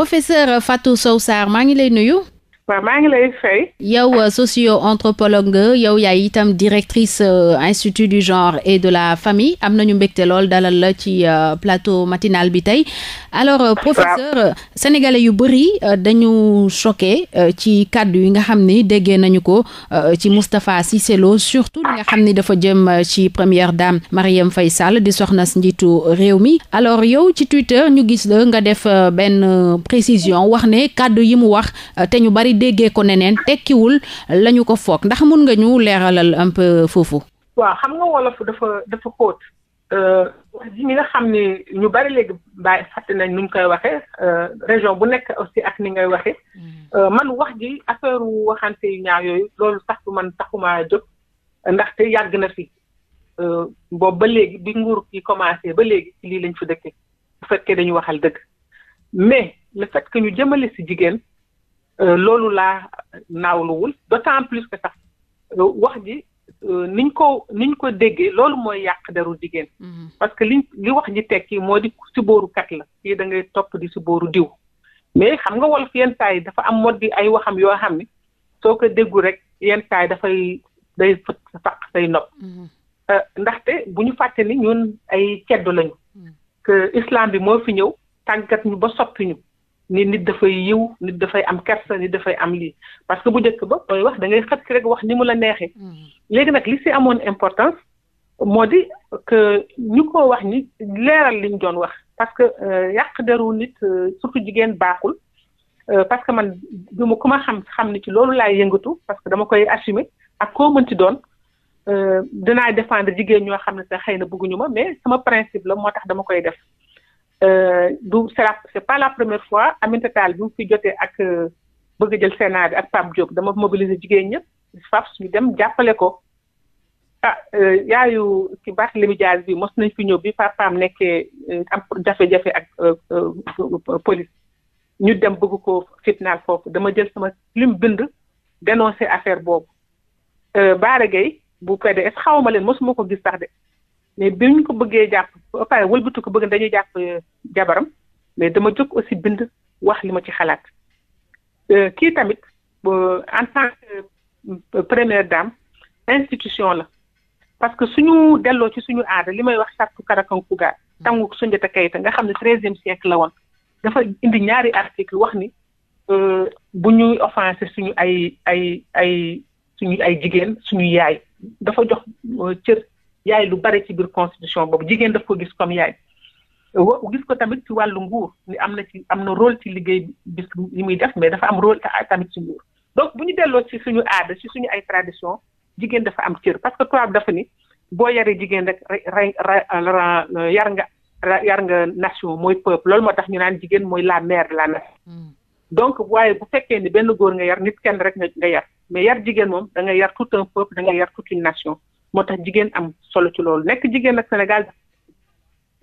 professeur Fatou Sow Sarr maa ngi lay nuyu. waaw maa ngi lay fay. yow euh, socio anthropologue nga yow yaay itam directrice euh, institut du genre et de la famille am nañu mbégte lool dalal la ci euh, plateau matinal bi tey. alors professeur sénégalais yu bëri dañu choqué ci kàddu yi nga xam ni déggee nañu ko ci Moustapha Cissé surtout li nga xam ni dafa jëm ci première dame Marième Faye Sall di soxna njiitu réew mi. alors yow ci Twitter ñu gis la nga def benn précision wax ne kàddu yi mu wax te ñu bari déggee ko neneen tekkiwul la ñu ko foog ndax mun nga ñu leeralal un peu foofu. waaw xam nga wolof dafa dafa xóot. Euh, wax ji nga xam ne ñu bari léegi bàyyi fàtte nañ nuñ koy waxee euh, région bu nekk aussi ak ni ngay waxee mm-hmm. euh, man wax ji affaire waxante yu ñaaw yooyu loolu tax man taxuma jóg ndaxte yàgg na fi boobu ba léegi bi nguur gi commencé ba léegi lii lañ fi dëkkee bu fekkee dañu waxal dëkk mais le fait que ñu jëmale si jigéen Euh, loolu laa naawluwul d'autant plus que sax euh, wax ji euh, niñ ko niñ ko déggee loolu mooy yàq deru jigéen. Mhm. parce que liñ li wax ji tekki moo di si booru kat la fii da ngay topp di si booru diw. mais xam nga wolof yenn saa yi dafa am mot di ay waxam yoo xam ni soo ko déggu rek yenn saa yi dafay day fët saq say nopp. Mhm. ndaxte bu ñu fàtte ni ñun ay ceddo lañu. Mhm. islam bi moo fi ñëw tàggat ñu ba soppi ñu. ni nit dafay yiw nit dafay am kersa nit dafay am lii parce que bu njëkk ba ooy wax da ngay xat ki rek wax ni mu la neexee mm. léegi nag li si amoon importance moo di que ñu ko wax ni leeral liñ doon wax parce que euh, yàq deru nit euh, surtout jigéen baaxul euh, parce que man bi ma ku ma xam xam ni ci loolu laay yëngatu parce que dama koy assumer ak koo ci doon dinaa défendre jigéen ñoo xam ne sax xëy na bëgguñu ma mais sama principe la moo tax dama koy def Euh, du c'est pas la première fois Aminata Tall bi mu fi jotee ak euh, bëgg a jël Sénat ak Pape Diop dama mobiliser jigéen ñëpp faf ñu dem jàppale ko ah euh, yaayu ci Barthélémy Dias bi mos nañ fi ñëw bi papaam nekkee am jafe-jafe ak police ñu dem bëgg ko fitnaal foofu dama jël sama lim bind dénoncer affaire boobu Baara Gueye bu PDS xawma leen mosuma ko gis sax de mais bi ñu ko bëggee jàpp ba pare wëlbatu ko bëgg dañuy jàpp euh, jabaram mais dama jóg aussi bind wax li ma ci xalaat euh, kii tamit en tant que euh, première dame institution la parce que suñu delloo ci suñu aada li may wax sartu Karakankuga tangu Soundiata Keïta nga xam ne treizième siècle la woon dafa indi ñaari article wax ni bu ñuy offensé suñu ay ay ay suñu ay jigéen suñu yaay dafa jox cër yaay lu bare ci biir constitution boobu jigéen daf ko gis comme yaay gis ko tamit ci wàllu nguur ni am na ci am na rôle ci liggéey bis li muy def mais dafa am rôle tamit ci nguur donc bu ñu delloo ci suñu aada ci suñu ay tradition jigéen dafa am cër parce que tubaab dafa ni boo yaree jigéen rek yar nga yar nga nation mooy peuple loolu moo tax ñu naan jigéen mooy la mère la nation hmm. donc waaye bu fekkee ni benn góor nga yar nit kenn rek nga yar mais yar jigéen moom da nga yar tout un peuple da nga yar toute une nation moo tax jigéen am solo ci loolu nekk jigéen nag Sénégal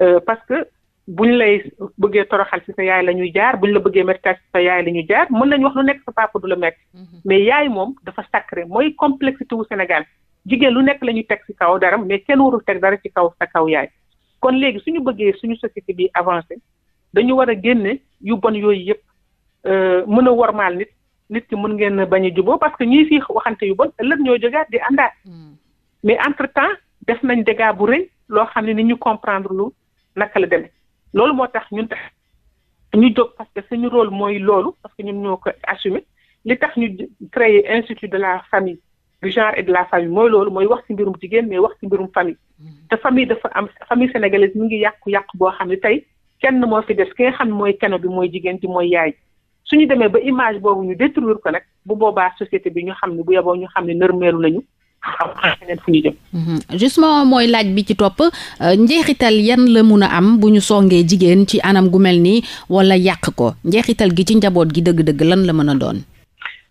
euh, parce que buñ lay bëggee toroxal ci sa yaay la ñuy jaar buñ la bëggee métti ci sa yaay la ñuy jaar mën nañu wax lu nekk sa papa du la métti mm-hmm. mais yaay moom dafa sacré mooy complexité wu Sénégal jigéen lu nekk la ñuy teg ci kaw dara mais kenn warul teg dara ci kaw sa kaw yaay kon léegi suñu bëggee suñu société bi avancé dañu war a génne yu bon yooyu yëpp euh, mën a wormaal nit nit ki mën ngeen bañ a juboo parce que ñii fii waxante yu bon ëllëg ñoo jógaat di àndaat mm. mais entre temps def nañ dégâts bu rëy loo xam ne ni ñu comprendre lu naka la demee loolu moo tax ñun tax ñu jóg parce que suñu rôle mooy loolu parce que ñun ñoo ko assumer li tax ñu créer institut de la famille du genre et de la famille mooy loolu mooy wax ci mbirum jigéen mais wax ci mbirum famille mm-hmm. te famille dafa am famille sénégalaise mu ngi yàqu-yàqu boo xam ne tey kenn moo fi des ki nga xam ne mooy keno bi mooy jigéen ci mooy yaay ñu demee ba image boobu ñu détruire ko nag bu boobaa société bi ñu xam ne bu yeboo ñu xam ne nërmeelu nañu fu mhm. justement mooy laaj bi ci topp euh, njeexital yan la mun a am bu ñu songee jigéen ci anam gu mel nii wala yàq ko njeexital gi ci njaboot gi dëgg-dëgg lan la mën a doon.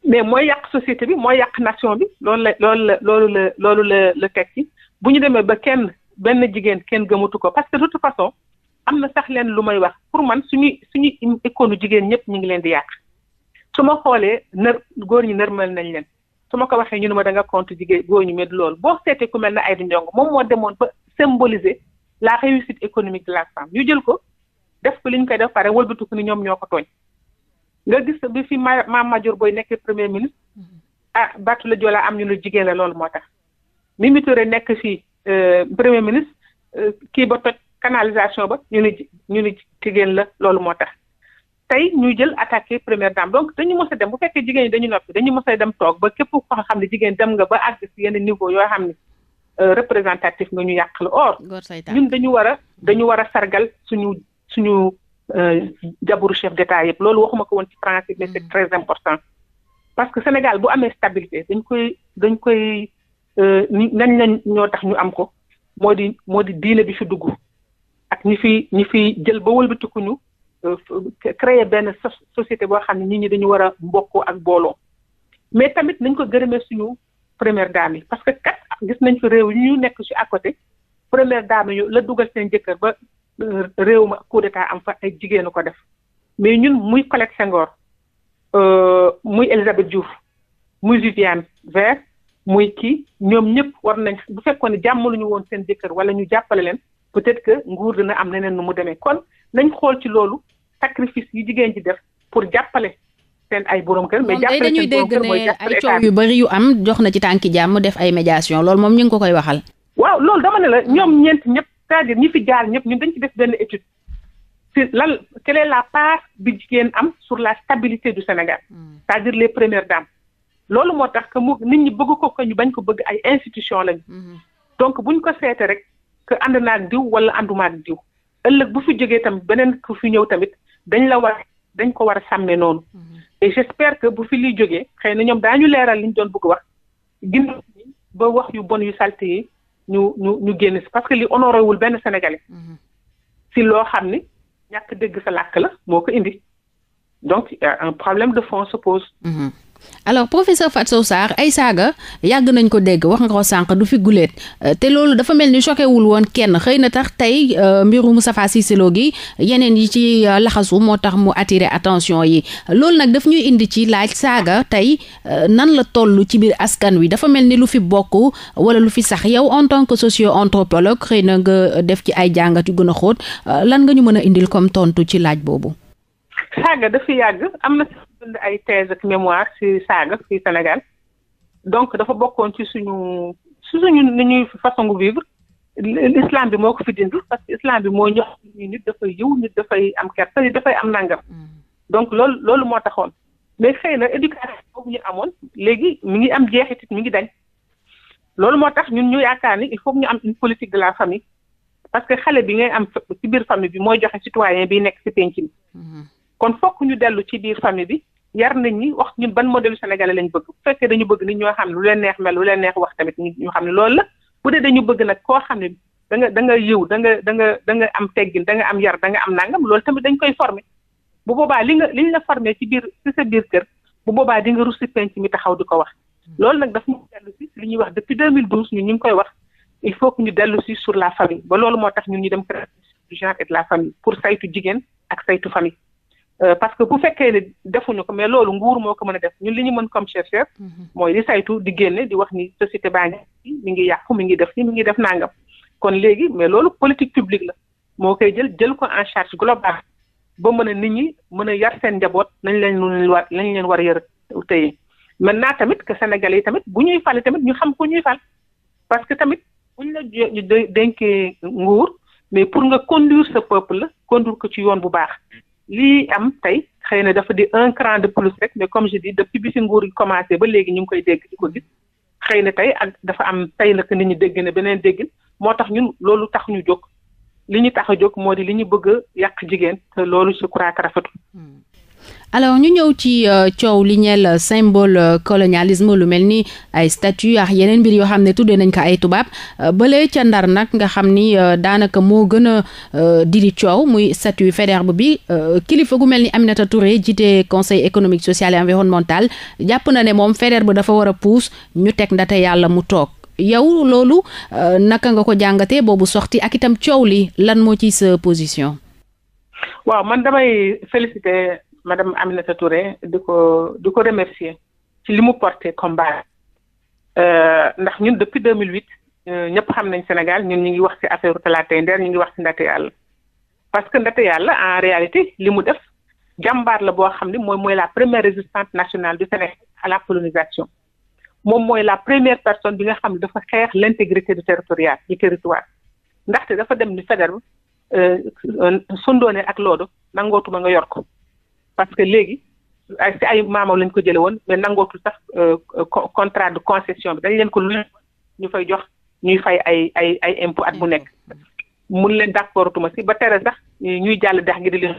mais mooy yàq société bi mooy yàq nation bi loolu la loolu la loolu la loolu la la teg bu ñu demee ba kenn benn jigéen kenn gëmatu ko parce que de façon am na sax leen lu may wax pour man suñuy suñuy ikoonu jigéen ñëpp ñu ngi leen di yàq su ma xoolee nar góor ñi nërmal nañ leen. su ma ko waxee ñu ne ma da nga contre jigéen góor ñu mel loolu boo seetee ku mel ne Aïda Ndiongue moom moo demoon ba symboliser la réussite économique de la femme ñu jël ko def ko li ñu koy def pare wëlbatu ko ni ñoom ñoo ko tooñ nga gis bi fi ma Mame Madior Boye nekk premier ministre mm-hmm. ah battu la Joola am ñu lu jigéen la loolu moo tax mi Touré nekk fii euh, premier ministre euh, kii ba toj canalisation ba ñu ni ñu ni jigéen la loolu moo tax tey ñu jël attaqué première dame donc dañu mos a dem bu fekkee jigéen ñi dañu noppi dañu mos a dem toog ba képp koo xam ne jigéen dem nga ba àgg si yenn niveau yoo xam ne euh, représentatif nga ñu yàq la or ñun dañu war a dañu war a sargal suñu suñu euh, jaboru chef d'état yëpp loolu waxuma ko woon ci principe mais c'est mm. très important parce que Sénégal bu amee stabilité dañ koy dañ koy euh, nañ nañ ñoo tax ñu am ko moo di moo di diine bi fi dugg ak ñi fi ñi fi jël ba wëlbatikuñu Euh, créer benn société boo xam ne nit ñi dañu war a mbokkoo ak booloo mais tamit nañ ko gërëmee suñu première dame yi parce que kat gis nañ ko réew ñu nekk ci à côté première dame yi la dugal seen jëkkër ba euh, réew ma coup d'état am fa ay jigéenu ko def mais ñun muy Colette Senghor euh, muy Elisabeth Diouf muy Viviane Were muy kii ñoom ñëpp war nañ bu fekkoon ne jàmmaluñu woon seen jëkkër wala ñu jàppale leen peut-être que nguur dina am neneen nu mu demee kon nañ xool ci loolu sacrifice yu jigéen ji def pour jàppale seen ay borom kër. mais jàppale seen borom kër mooy jàppale ay coow yu bëri am jox na ci tànki jàmm def ay médiation lool moom ñu ngi ko koy waxal. waaw loolu dama ne la ñoom ñeent ñëpp cest à ñi fi jaar ñëpp ñun dañ ci def benn étude. si lan quelle est la part bi jigéen am sur la stabilité du Sénégal. Hmm. c'est-à-dire les premières dames. loolu moo tax que mu nit ñi bëgg ko ko ñu bañ ko bëgg ay institution lañu. Hmm. donc buñ ko seete rek que naa ak diw wala àndumaa ak bu fi jógee tamit beneen ku fi ñëw tamit dañ la war dañ ko war a sàmmee noonu mhm. et j'espère que bu fi liy jógee xëy na ñoom daañu leeral li ñu doon bëgg wax gindi ba wax yu bon yu salte yi ñu ñu ñu génn si parce que li wul benn sénégalais mhm. si loo xam ni ñàkk dégg sa làkk la moo ko indi donc un problème de fond se pose. Mhm. alors professeur Fatou Sarr ay saaga yàgg nañ ko dégg wax nga ko sànq du fi guléet euh, te loolu dafa mel ni choqué wul woon kenn xëy na tax tey euh, mbiru Moustapha Cissé Lo gi yeneen yi ci euh, laxasu moo tax mu attirer attention yi loolu nag daf ñuy indi ci laaj saaga tey nan la toll ci biir askan wi dafa mel ni lu fi bokk wala lu fi sax yow en tant que socio anthropologue xëy na nga def ci ay jàngat yu gën a xóot lan nga ñu mën a indil comme tontu ci laaj boobu. saaga dafa yàgg am na bind ay thèse ak mémoire ci saaga donc dafa bokkoon ci suñu su suñu ni ñuy façon vivre l'islam bi moo ko fi dindi parce que islam bi moo ñox ñu nit dafay yiw nit dafay am kersa nit dafay am nangam mm. donc loolu loolu moo taxoon mais xëy na éducation boobu ñu amoon léegi mi ngi am jeexitit mi ngi dañ loolu moo tax ñun ñu yaakaar ni il faut ñu am une politique de la famille parce que xale bi ngay am ci biir famille bi mooy joxe citoyen biy nekk ci penc mm-hmm. kon fokk ñu dellu ci biir famille bi yar nañ ñi wax ñun ban modèle sénégalais lañ bëgg bu fekkee dañu bëgg nit ñoo xam ne lu leen neex mel lu leen neex wax tamit ñu xam ne loolu la bu dee dañu bëgg nag koo xam ne da nga da nga yiw danga danga da am teggin danga am yar da nga am nangam lool tamit dañ koy former bu boobaa li nga li ñu la former ci biir ci sa biir kër bu boobaa di nga rusi penc mi taxaw di ko wax hmm. loolu nag dafa ñu dellu si li ñuy wax depuis mille ñun ñu ngi koy wax il faut que ñu dellu si sur la famille ba loolu moo tax ñun ñu dem créer du genre et de la famille pour saytu jigéen ak saytu famille Euh, parce que bu fekkee ne defuñu ko mais loolu nguur moo ko mën a def ñun li ñu mën comme chef chef mhm. mooy di saytu di génne di wax ni société baa ngi mi ngi yàqu mi ngi def ni mi ngi def naa nangam kon léegi mais loolu politique publique la moo koy jël jël ko en charge global ba mën a nit ñi mën a yar seen njaboot nañ leen leen war nañ leen war a yar tey maintenant tamit que sénégal yi tamit bu ñuy fal tamit ñu xam ko ñuy fal parce que tamit bu ñu la dénkee nguur mais pour nga conduire sa la conduire ko ci yoon bu baax lii am tey xëy na dafa di un cran de plus rek mais comme je dis depuis ci si nguur gi commencé ba léegi ñu ngi koy dégg di ko gis xëy na tey ak dafa am tey na que nit ñi dégg na beneen déggin moo tax ñun loolu tax ñu jóg li ñu tax a jóg moo di li ñu bëgg a yàq jigéen te loolu je crois que alors ñu ñëw ci euh, coow li ñeel euh, symbole euh, colonialisme lu mel ni ay statue ak yeneen mbir yoo xam ne tuddee nañ ko ay tubaab bële ca ndar nag nga xam ni daanaka moo gën a diri coow muy statue Faidherbe bi kilifa gu mel ni Aminata Touré jiite conseil économique social et environnemental jàpp na ne moom Faidherbe dafa war a puus ñu teg ndate yàlla mu toog yow loolu naka nga ko jàngatee boobu soxti ak itam coow li lan moo ci sa position. waaw man damay féliciter madame Aminata Touré di ko di ko remercier ci li mu porté combat euh, ndax ñun depuis 2008 euh, ñëpp xam nañ Sénégal ñun ñu ngi wax ci affaire Talatay Nder ñu ngi wax ci Ndate Yàlla parce que Ndate Yàlla en réalité li mu def jàmbaar la boo xam ne mooy mooy la première résistante nationale du Sénégal à la colonisation moom mooy la première personne bi nga xam ne dafa xeex l'intégrité du territorial du territoire ndaxte dafa dem ni Faidherbe euh, Soumbédioune ak Lodo nangootuma nga yor ko parce que léegi ay si ay maamaw lañ ko jële woon mais nangootul sax euh, contrat de concession bi dañ leen ko lu ñu fay jox ñuy fay ay ay ay impôt at bu nekk mun leen d'accorduma si ba tere sax ñuy jàll dex gi di leen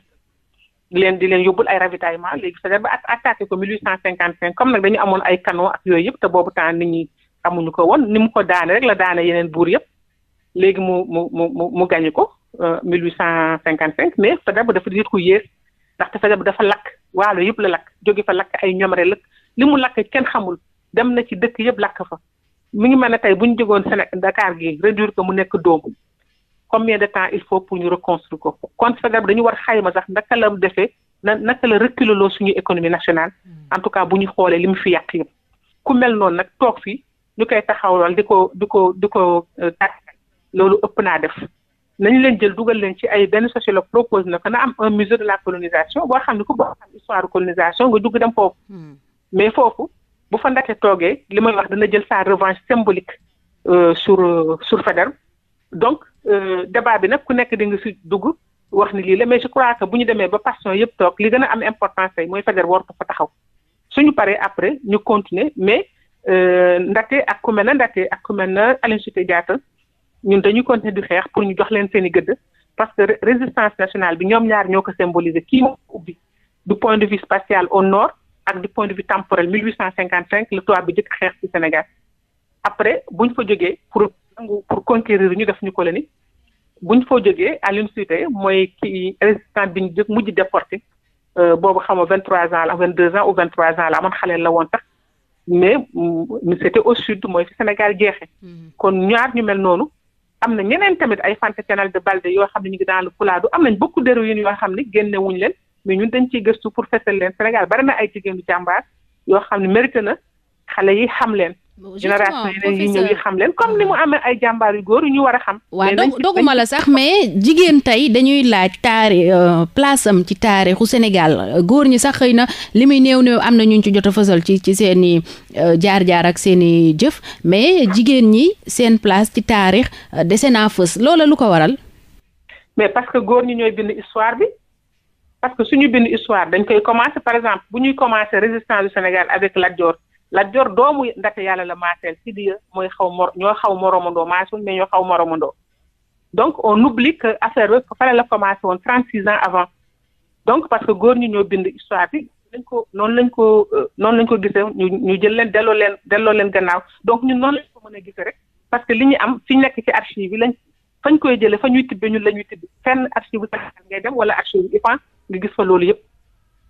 leen di leen yóbbul ay ravitaillement léegi c'est-à-dire ba attaqué ko mille huit cent cinquante cinq comme nag dañu amoon ay canon ak yooyu yëpp te boobu temps nit ñi amuñu ko woon ni mu ko daane rek la daane yeneen buur yëpp léegi mu mu mu mu mu gagné ko euh, mille huit cent cinquante mais c'est-à-dire ba dafa nit ndaxte fetal bi dafa lakk waalo yëpp la lakk jóge fa lakk ay ñomre lëkk li mu lakk kenn xamul dem na ci dëkk yëpp lakk fa mu ngi mel ne tey bu ñu jógoon Sénégal Dakar gi réduire ko mu nekk comme combien de temps il faut pour ñu reconstruire ko kon fetal bi dañu war xayma sax naka la defee na naka la reculer loo suñu économie nationale hmm. en tout cas bu ñu xoolee li mu fi yàq yëpp ku mel noonu nag toog fii ñu koy taxaw taxawal di ko di ko di ko euh, loolu ëpp naa def nañu leen jël dugal leen ci ay benn sociologue propose na ko am un musée de la colonisation boo xam ne ku boo xam histoire colonisation nga dugg dem foofu hmm. mais foofu bu fa ndate toogee li may wax dana jël sa revanche symbolique euh, sur euh, sur Faidherbe donc euh, débat bi nag ku nekk di nga si dugg wax ni lii la mais je crois que bu ñu demee ba passion yëpp toog li gën a am importance tey mooy Faidherbe war ko fa taxaw suñu paree après ñu continuer mais ndate ak ku n na ndate ak ku mel na ñun dañuy continuer di xeex pour ñu jox leen seen i gëdd parce que résistance nationale bi ñoom ñaar ñoo ko symboliser kii moo ubbi du point de vue spatial au nord ak du point de vue temporel 1855 le tubaab bi jëkk xeex ci Sénégal après buñ fa jógee pour pour conquérir ñu def ñu colonie buñ fa jógee à l'unité mooy kii résistance bi ñu jëkk mujj déporté euh, boobu xam nga 23 ans la 22 ans ou 23 ans la amoon xale la woon sax mais mm, au sud mooy Sénégal jeexee mm-hmm. kon ñaar ñu mel noonu. am na ñeneen tamit ay fantacanal de balde yoo xam ne ñu ngi dans le Fulaadu am nañ beaucoup d'héroïnes yoo xam ne génne wuñ leen mais ñun dañ ciy gestu pour fesal leen Sénégal bari na ay jigéenu jàmbaar yoo xam ne mérité na xale yi xam leen génération yi ñëw xam leen comme ni mu amee ay jàmbaar yu góor yu ñu war a xam waaw dog doguma la sax mais jigéen tey dañuy laaj taari euh, place am ci taarixu Sénégal góor ñi sax xëy na li muy néew néew am na ñu ci jot a fësal ci ci seen i euh, jaar-jaar ak seeni jëf mais jigéen ñi seen place ci taarix euh, dese naa fës loola lu ko waral mais parce que góor ñi ñooy bind histoire bi parce que suñu bind histoire dañ koy commencer par exemple bu ñuy commencer résistance du Sénégal avec Lat Dior Lat Joor doomu Ndate Yàlla la maaseel Sidiya mooy xaw mor ñoo xaw moromandoo maasuñ mais ñoo xaw moromandoo donc o oublie que affaire bi fële la commencé woon trente six ans avant donc parce que góor ñi ñoo bind histoire bi lañ ko noonu lañ ko euh, noonu lañ ko gisee ñu ñu jël leen delloo leen delloo leen gannaaw donc ñun noonu lañ ko mën gisee rek parce que li ñu am fiñ ñu nekk ci archive yi lañ fañ jëlee fa ñuy tibbee ñun la ñuy tibbee fenn archive bu Sénégal ngay wala archive bu IPAN nga gis fa loolu yëpp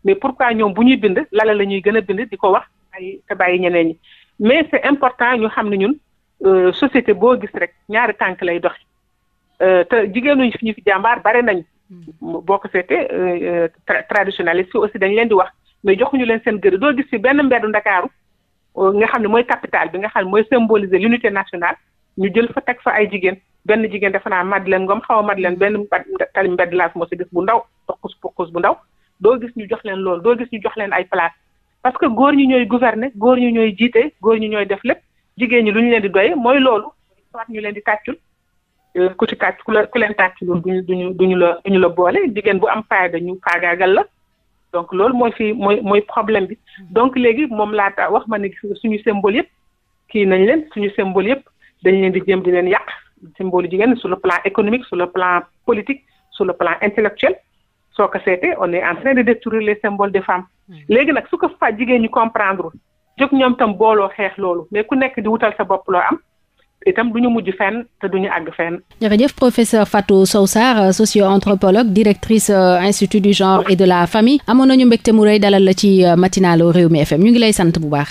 mais pourquoi ñoom bu ñuy bind lala la ñuy gën a bind di ko wax bàyyi te bàyyi mais c'est important ñu xam ne ñun euh, société boo gis rek ñaari tànk lay dox euh, te jigéenu ñu fi jàmbaar bare nañ hmm. boo ko seetee euh, traditionnaliste aussi dañ leen di wax mais joxuñu leen seen gër doo gis ci benn mbeddu Ndakaaru nga xam ne mooy capital bi nga xam ne mooy symboliser l'unité nationale ñu jël fa teg fa ay jigéen benn jigéen dafa naa Madeleine Ngom xaw a Madeleine benn tali mbedd laa moo si gis bu ndaw pokus pokus bu ndaw doo gis ñu jox leen loolu doo gis ñu jox leen ay place parce que góor ñi ñooy gouverner góor ñi ñooy jiite góor ñi ñooy def lépp jigéen ñi lu ñu leen di doye mooy loolu soit ñu leen di tàccul euh, ku ci tàcc ku la ku leen tàccul duñu duñu duñu la duñu la boole jigéen bu am faayda ñu faagaagal la donc loolu mooy fii mooy mooy problème bi donc léegi moom laata wax ma ne suñu symbole yëpp kii nañ leen suñu symbole yëpp dañu leen di jéem di leen yàq symbole jigéen sur le plan économique su le plan politique su le plan intellectuel soo ko seetee on est en train de Hmm. léegi nag su ko fa jigéen ñi comprendre jóg ñoom tam booloo xeex loolu mais ku nekk di wutal sa bopp loo am itam du ñu mujj fenn te du ñu àgg fenn. jërëjëf professeur Fatou Sow Sarr socio-anthropologue directrice euh, institut du genre et de la famille amoon nañu mbégte mu rëy dalal la ci euh, matinalu Rewmi FM ñu ngi lay sant bu baax.